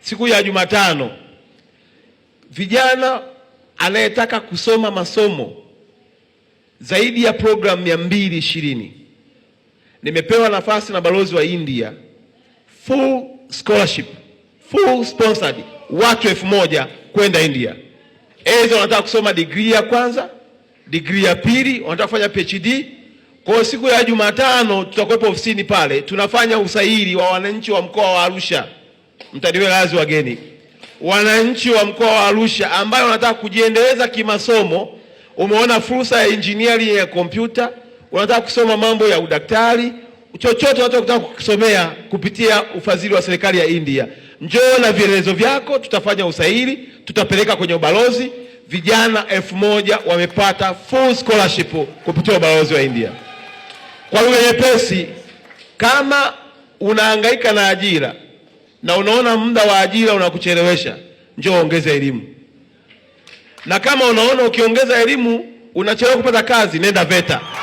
siku ya Jumatano, vijana anayetaka kusoma masomo zaidi ya programu mia mbili ishirini nimepewa nafasi na balozi wa India, full scholarship full sponsored, watu elfu moja kwenda India. eza wanataka kusoma degree ya kwanza, degree ya pili, wanataka kufanya PhD. Kwa siku ya Jumatano tutakuwepo ofisini pale, tunafanya usaili wa wananchi wa mkoa wa Arusha mtaniwe radhi wageni, wananchi wa mkoa wa Arusha ambayo wanataka kujiendeleza kimasomo, umeona fursa ya engineering ya kompyuta, unataka kusoma mambo ya udaktari, chochote unachotaka kukisomea kupitia ufadhili wa serikali ya India, njoo na vielelezo vyako, tutafanya usaili, tutapeleka kwenye ubalozi. Vijana elfu moja wamepata full scholarship kupitia ubalozi wa India. Kwa lugha nyepesi, kama unahangaika na ajira na unaona muda wa ajira unakuchelewesha, njoo ongeza elimu. Na kama unaona ukiongeza elimu unachelewa kupata kazi, nenda VETA.